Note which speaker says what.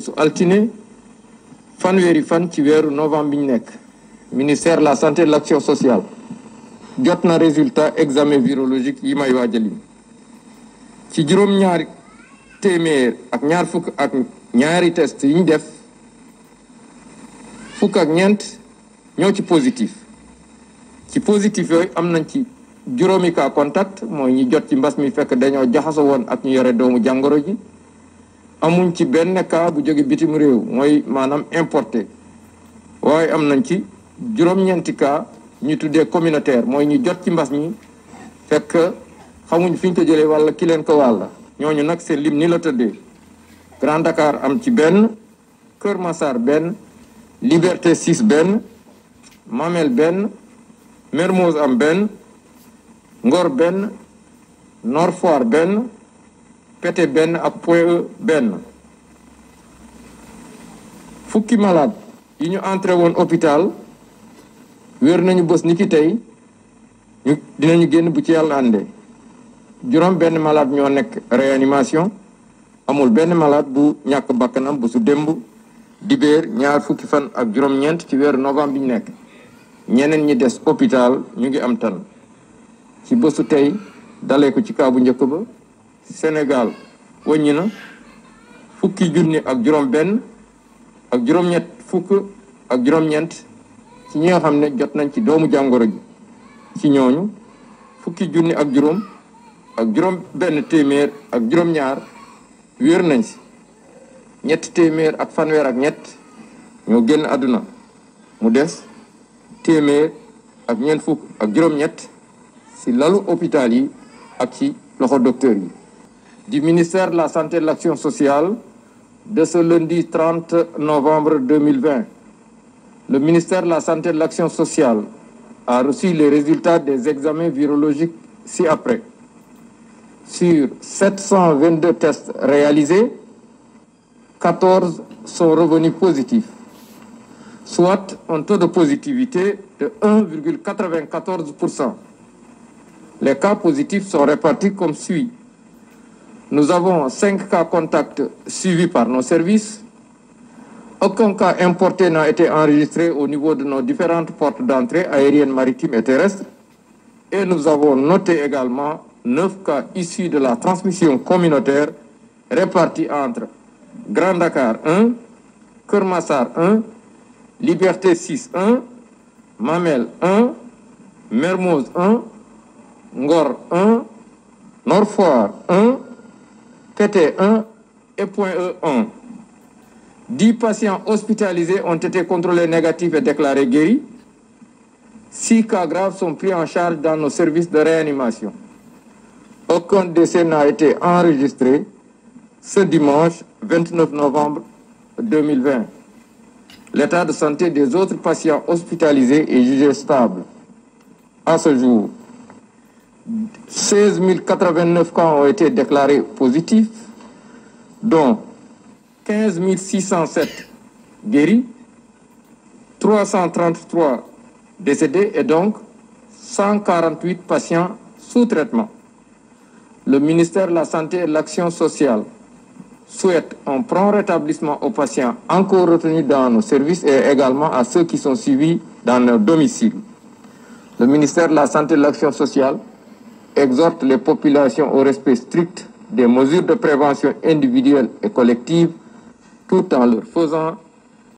Speaker 1: su altine fanweeri fan ci weeru novembre bi ñu nekk ministère la santé et sociale jot na résultat examen virologique yi may waajali ci juróom-ñaari ak ñaar ak ñaari test yi ñu def fukk ak ñeent ñoo ci positif ci positif yooyu am nañ ci juróomi cas contact mooy ñi jot ci mbas mi fekk dañoo jaxasoo woon ak ñu yore doomu jàngoro ji amuñ ci benn cas bu jóge bitim réew mooy maanaam importé waaye am nañ ci juróom-ñeenti cas ñu tuddee communautaire mooy ñu jot ci mbas mi fekk xamuñ fi ñu ko jëlee walla ki leen ko wàlla ñooñu nag seen lim ni la tëddee Grand Dakar am ci benn Kër Massar benn Liberté 6 benn Mamel benn Mermoz am benn Ngor benn Nord benn PT benn ak point e benn fukki malade yi ñu entré woon hôpital wér nañu bës ni ki tey ñu dinañu génn bu ci yàlla àndee juróom benn malade ñoo nekk réanimation amul benn malade bu ñàkk bakkanam bu su démb dibéer ñaar fukki fan ak juróom-ñeent ci weeru novembre bi nekk ñeneen ñi des hôpital ñu ngi am tan ci bésu tey dalee ko ci kaabu njëkk ba Sénégal wàññi na fukki junni ak juróom benn ak juróom-ñett fukk ak juróom-ñeent ci ñi xam ne jot nañ ci doomu jàngoro ji ci ñooñu fukki junni ak juróom ak juróom benn téeméer ak juróom-ñaar wéer nañ ci ñetti téeméer ak fanweer ak ñett ñoo génn àdduna mu des téeméer ak ñeent fukk ak juróom-ñett si lalu hôpital yi ak ci loxo docteur yi du ministère de la Santé et de l'Action sociale de ce lundi 30 novembre 2020. Le ministère la Santé l'Action sociale a reçu les résultats des examens virologiques ci-après. Sur 722 tests réalisés, 14 sont revenus positifs, soit un taux de positivité de 1,94%. Les cas positifs sont répartis comme suit. Nous avons cinq cas contacts suivis par nos services. Aucun cas importé n'a été enregistré au niveau de nos différentes portes d'entrée aériennes, maritimes et terrestres. Et nous avons noté également cas issus de la transmission communautaire répartis entre Grand Dakar 1, Kermassar 1, Liberté 6 1, Mamel 1, Mermoz 1, Ngor 1, Norfoire PT1 et point E1. 10 patients ont été contrôlés négatifs et déclarés guéris. 6 cas graves dans nos services de réanimation. Aucun décès n'a été enregistré ce dimanche 29 novembre 2020. L'état de santé des autres patients hospitalisés est jugé stable. À ce jour, 16 089 cas ont été déclarés positifs, dont 15 607 guéris, 333 décédés et donc 148 patients sous traitement. Le ministère la Santé l'Action sociale souhaite un prompt rétablissement aux encore dans nos et également à ceux qui sont suivis dans Le ministère la Santé et de sociale exhorte les populations au respect strict des mesures de prévention individuelle et collective tout en leur faisant